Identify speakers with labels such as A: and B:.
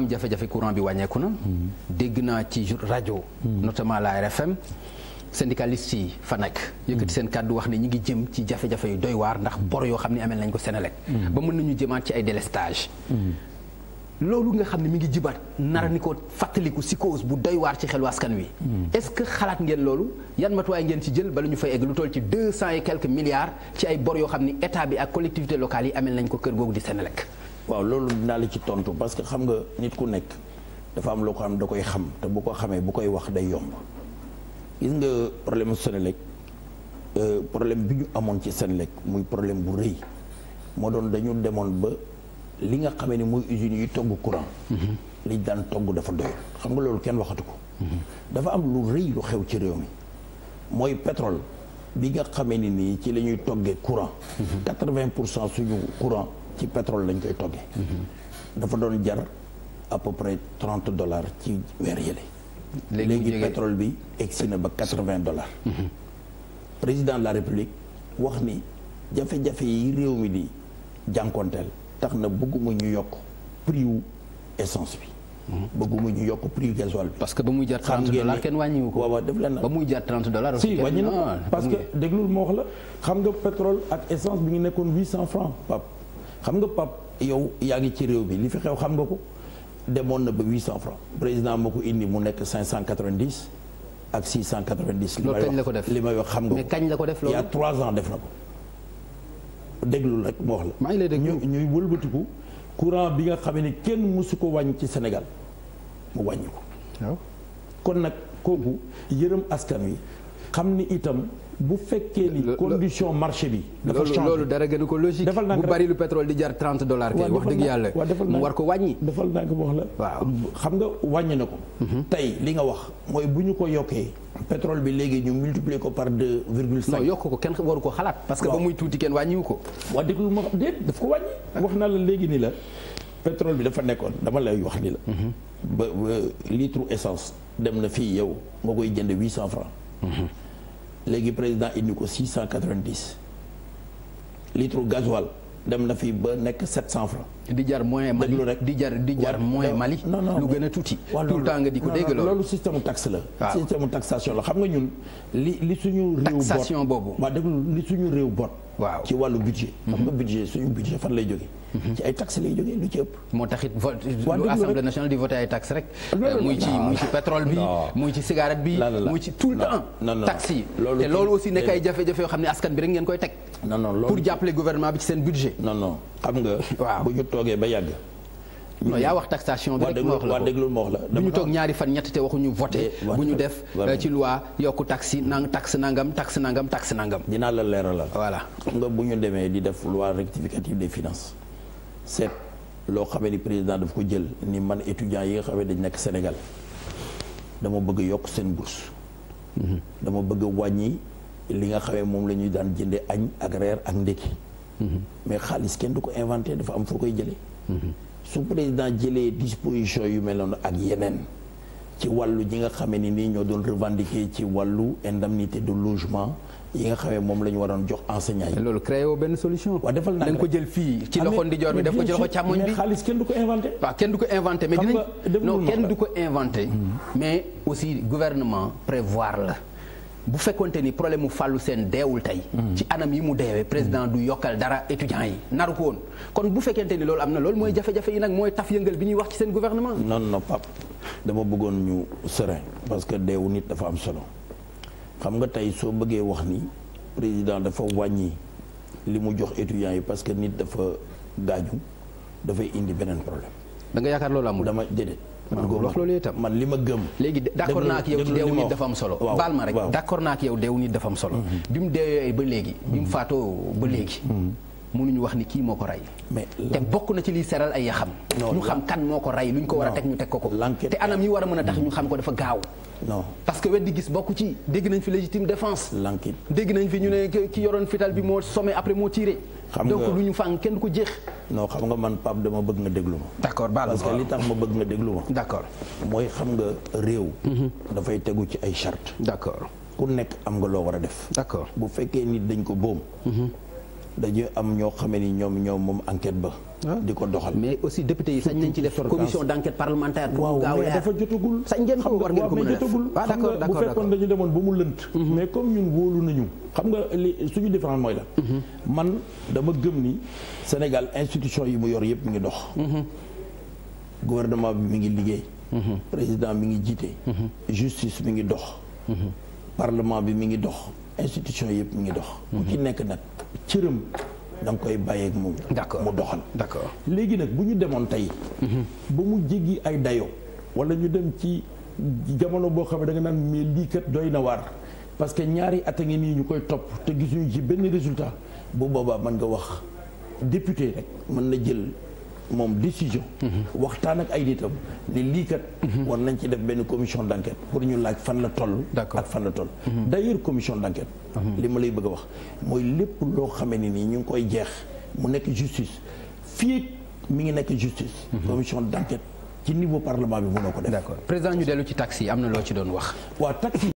A: am jafe-jafe courant bi wàññeeku na. Mm-hmm. dégg naa ci rajo. Mm-hmm. notamment la RFM syndicalistes yi fa nekk. Mm-hmm. yëkkati seen kàddu wax ne ñi ngi jëm ci jafe-jafe yu doy waar ndax bor yoo xam ne amel nañ ko Senelec. ba mën nañu jëmaat ci ay délestage. loolu nga xam ni mi ngi jibaat nara ni ko fàttaliku si cause bu doy ci xelu askan wi. est-ce que xalaat ngeen loolu yan matuwaay ngeen ci jël bala ñu fay egg lu toll ci deux cent milliards ci ay bor yoo xam ne état bi ak collectivités locales yi amel nañ ko kër googu di Senelec. waaw loolu dinaa la ci tontu parce que xam nga nit ku nekk dafa am loo ko xam da koy xam te bu ko xamee bu koy wax day yomb gis nga problème Senelec euh, problème bi ñu amoon ci lekk muy problème bu rëy moo doon dañu demoon ba li nga xamee ni muy usines yi togg courant mm-hmm. liñ daan togg dafa doyul xam nga loolu kenn waxatu ko mm-hmm. dafa am lu rëy lu xew ci réew mi mooy pétrole bi nga xamee ni nii ci la ñuy toggee courant mm-hmm. quatre-vingt pour cent suñu courant ci pétrole lañ koy toggee. Mhm. dafa doon jar à peu près trente dollars ci weer yële. léegi pétrole bi egsi na ba quatre-vingts dollars. Mhm. président de la république wax ni jafe-jafe yi réew mi di jànkonteel tax na bëgguma ñu yokk prix essence bi. Mhm. bëgguma ñu yokk prix gasoil bi. parce que ba muy jar 30 dollars si wàññi na parce que déglul ma wax la xam nga pétrole ak essence bi ngi nekkoon 800 francs Pape. xam nga pap yow yaa ngi ci réew bi li fi xew xam nga ko demoon na ba 800 francs président moo ko indi mu nekk 590 ak 690. loolu kañ la ko def li may wax xam nga ko kañ la ko def loolu. il a 3 ans def na ko déglu moo wax la. maa ngi lay déglu ñu ñuy wëlbatiku courant bi nga xam ne kenn mësu ko wàññi ci senegal mu wàññi ko. kon nag kooku yërëm askan wi. xam ni itam bu fekkee ni condition marché bi. dafa changé loolu dara gënu ko logique. defal naa bu bari lu pétrole di jar trente dollars. kay wax dëgg yàlla mu war ko wàññi. defal naa ko wax la. waaw xam nga wàññi na ko. Mhm. tey li nga wax mooy bu ñu ko yokkee. pétrole bi léegi ñu multiplier ko par deux virgule cinq. yokk ko kenn waru ko xalaat. parce que ba muy tuuti kenn wàññiwu ko. waa déglu ma déet daf ko wàññi. wax naa la léegi nii la pétrole bi dafa nekkoon dama lay wax ni la. Mhm. ba litre essence dem na fii yow nga koy jënd huit cent francs mhm. léegi président indi ko 690 litre gasoil dem na fi ba nekk 700 francs di jar moyen Mali déglu rek di jar di jar moyen Mali. non non lu gën a tuuti. tout le temps nga di ko dégg loolu système taxe la. waaw système taxation la xam nga ñun li li suñu. réew bot boobu. waa déglu li suñu réew boot waaw ci wàllu budget xam nga budget suñu budget fan lay jóge mhm. ci ay taxes lay jógee lu ci ëpp. moo taxit vote assemblée nationale di voté ay taxes rek. muy ci muy ci pétrole bi. muy ci cigarette bi. muy ci tout le temps. taxes yi te loolu aussi nekk ay jafe-jafe yoo xam ne askan bi rek ngeen koy teg. non non pour jàppale gouvernement bi ci seen budget. non non xam nga. waaw bu ñu toogee ba yàgg. non mm-hmm. yaa wax taxation bi rek ma wax la ko déglu la du ñu toog ñaari fan ñett te waxuñu voté eh, bu ñu def euh, ci loi yokku taxi nang taxe nangam taxe nangam taxe nangam dinaa la leeralal voilà xam nga bu ñu demee di def loi rectificative de finances seet loo xamee ni président daf ko jël ni man étudiant yi nga xamee dañ nekk Sénégal dama bëgg yokk seen bourse mm-hmm. dama bëgg wàññi li nga xamee moom la ñuy daan jënde añ ak reer ak ndékki mm-hmm. mais xaalis kenn du ko inventé dafa am foo koy jëlee su président jëlee disposition yu meloon ak yeneen ci wàllu ji nga xamee ni nii ñoo doon revendiquer ci wàllu indemnité de logement yi nga xamee moom la ñu waroon jox enseignant yi. loolu créé woo benn solution. waaw defal naa ko jël fii. ci loxo ndijoor bi def ko ci loxo càmmoñ bi mais xaalis kenn du ko inventé. waaw kenn du ko inventé mais dinañ non kenn du ko inventé. Hmm. mais aussi gouvernement prévoir la. bu fekkonte ni problème mu fàllu seen deewul tey. Mm-hmm. ci anam yi mu deewee président du yokkal dara étudiants yi naru ko woon kon bu fekkente ni loolu am na loolu mooy jafe-jafe yi nag mooy taf yëngal bi ñuy wax ci seen gouvernement. non non Pape dama bëggoon ñu serein parce que deewu nit dafa am solo xam nga tey soo bëggee wax ni président dafa wàññi li mu jox étudiants yi parce que nit dafa gaañu dafay indi beneen problème. da yaakaar loolu amul. dama déedéet. wax loolu itam man li ma gëm. léegi d'accord naa ak yow ci deewu nit dafa am solo. baal ma rek d'accord naa ak am mm-hmm. solo. bi mu deewee ba léegi. bi mu mm-hmm. faatoo ba léegi. Mm-hmm. nu ñu wax ni kii moo ko rey. mais te bokk na ci liy seral ay yaxam. ñu xam kan moo ko rey ñu ko war a teg ñu teg ko ko. te anam yi war a mën a tax ñu xam ko dafa gaaw non parce que weddi gis bokku ci dégg nañ fi légitime défense. lankin dégg nañ fi ñu ne ki yoroon fital bi moo sommé après moo tiré. xam donc lu ñu fàng kenn ko jeex. non xam nga man Pape dama bëgg nga déglu ma. d' parce que li tax ma bëgg nga déglu ma. d' accord mooy xam nga réew. Mhm. dafay tegu ci ay charte. d' accord ku nekk am nga loo war a def. d' accord bu fekkee nit dañ ko boom. Mhm. dañu am ñoo xamee ni ñoom ñoom moom enquête ba. Ah. di ko doxal mais aussi député yi sañ nañ ci def commission d' enquête parlementaire. pour gaaw leer dafa jotagul. sañ ngeen ko war ngeen ko a def waaw ah, d' accord d' accord bu fekkoon dañu demoon ba mu lënt. Mhm. mais comme ñun wóolu nañu. xam nga li suñu différence mooy la. Mhm. man dama gëm ni Sénégal institution yi mu yor yëpp mi ngi dox. Mhm. gouvernement bi mi ngi liggéey. président mi ngi jiite. justice mi ngi dox. parlement bi mi ngi dox institution yëpp mi ngi dox. ku ci nekk cëram da nga koy bàyyeeg moom. d'accord mu doxal. d'accord léegi nag bu ñu demoon tey. Mhm. ba mu jéggi ay dayo wala ñu dem ci jamono boo xam ne danga nga naan mais lii kat doy na waar parce que ñaari at a ngi nii ñu koy topp te gisuñu ci benn résultat bu boobaa mën nga wax député rek mën na jël. moom décision. waxtaan ak ay nitam ne lii war nañ ci def benn commission d' enquête pour ñu laaj fan la toll. ak fan la toll. Mhm. d' ailleurs commission d' mhm. li ma lay bëgg a wax mooy lépp loo xamee ne nii ñu ngi koy jeex mu nekk justice fii mi ngi nekk justice. Mhm. commission d' enquête ci niveau parlement bi mënoo ko def. d' accord président ñu dellu ci taxi am na loo ci doon wax. waa taxi